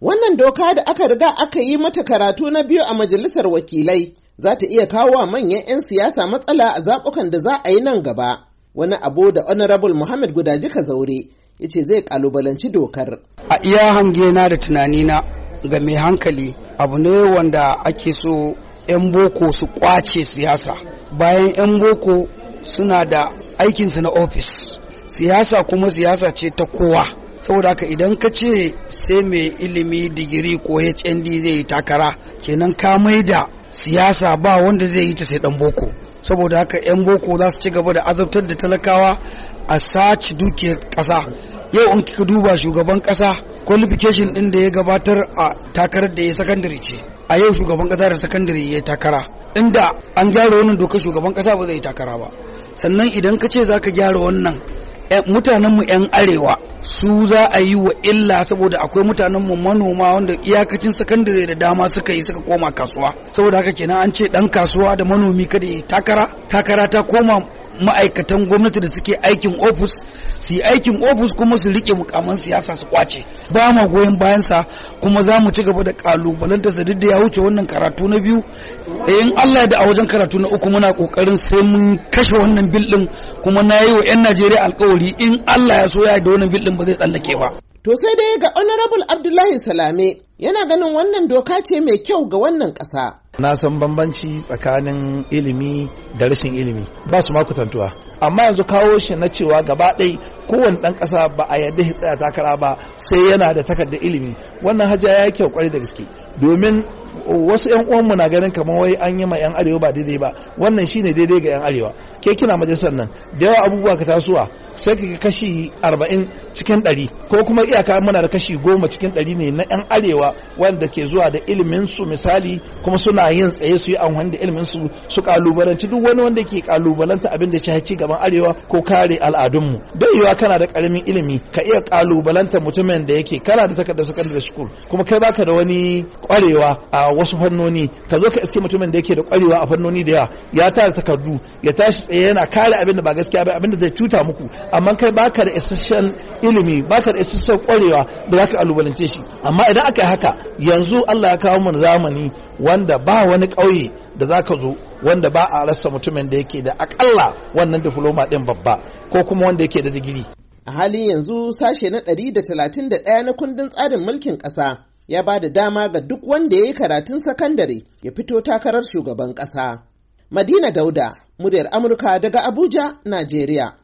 Wannan doka da aka riga aka yi mata karatu na biyu a majalisar wakilai za ta iya kawo wa manyan 'yan siyasa matsala a zaɓukan da za a yi nan gaba. Wani abu da Honorable Muhammad Gudajika Zaure ya ce zai kalubalanci dokar. A iya hange na da tunanina ga mai hankali abu ne wanda ake so 'yan boko su kwace siyasa bayan 'yan boko suna da aikinsu na ofis siyasa kuma siyasa ce ta kowa saboda haka idan ka ce sai mai ilimi digiri ko hnd zai yi takara kenan ka da siyasa ba wanda zai yi ta sai dan boko saboda haka 'yan boko za su ci gaba da azabtar da talakawa a sace dukiyar ƙasa yau in kika duba shugaban kasa qualification din da ya gabatar a takarar da ya secondary ce a yau shugaban ƙasa da secondary ya takara inda an gyara wannan dokar shugaban kasa ba zai takara ba sannan idan ka ce za ka gyara wannan mutanenmu 'yan arewa su za a yi wa illa saboda akwai mutanenmu manoma wanda iyakacin sakandare da dama suka yi suka koma kasuwa saboda haka kenan an ce dan kasuwa da manomi kada ya takara takara ta koma ma'aikatan gwamnati da suke aikin ofis su yi aikin ofis kuma su rike mukaman siyasa su kwace ba ma goyon bayansa kuma za mu ci gaba da kalubalanta sa duk da ya wuce wannan karatu na biyu eh, in Allah da a wajen karatu na uku muna kokarin sai mun kashe wannan bildin kuma na yi wa 'yan Najeriya alkawari in Allah ya so ya da wannan bildin ba zai tsallake ba To sai dai ga Honorable Abdullahi Salame yana ganin wannan doka ce mai kyau ga wannan ƙasa. na san bambanci tsakanin ilimi da rashin ilimi ba su makutantuwa amma yanzu kawo shi na cewa gaba ɗai kowane ɗan ƙasa ba a yadda ya tsaya takara ba sai yana da takardar ilimi wannan haja ya kyau kwarai da gaske domin wasu 'yan uwanmu na ganin kamar wai an yi ma 'yan arewa ba daidai ba wannan shine daidai ga 'yan arewa ke kina majalisar nan da yawa abubuwa ka tasowa sai ka ga kashi 40 cikin 100 ko kuma iyaka muna da kashi 10 cikin 100 ne na 'yan arewa wanda ke zuwa da ilimin su misali kuma suna yin tsaye su yi amfani da ilimin su su kalubalanci duk wani wanda ke kalubalanta abin da ya ci gaban arewa ko kare al'adunmu don yiwa kana da karamin ilimi ka iya kalubalanta mutumin da yake kana da takardar secondary school kuma kai baka da wani kwarewa a wasu fannoni ka zo ka iske mutumin da yake da kwarewa a fannoni da yawa ya tara takardu ya tashi tsaye yana kare abin da ba gaskiya ba abin da zai cuta muku amma kai baka da isasshen ilimi baka da isasshen kwarewa da zaka alubalance shi amma idan aka yi haka yanzu Allah ya kawo mana zamani wanda ba wani ƙauye da zaka zo wanda ba a rasa mutumin da yake da akalla wannan diploma din babba ko kuma wanda yake da digiri a halin yanzu sashe na 131 na kundin tsarin mulkin ƙasa ya ba da dama ga duk wanda ya yi karatun sakandare ya fito takarar shugaban ƙasa. Madina Dauda, muryar Amurka daga Abuja, Najeriya.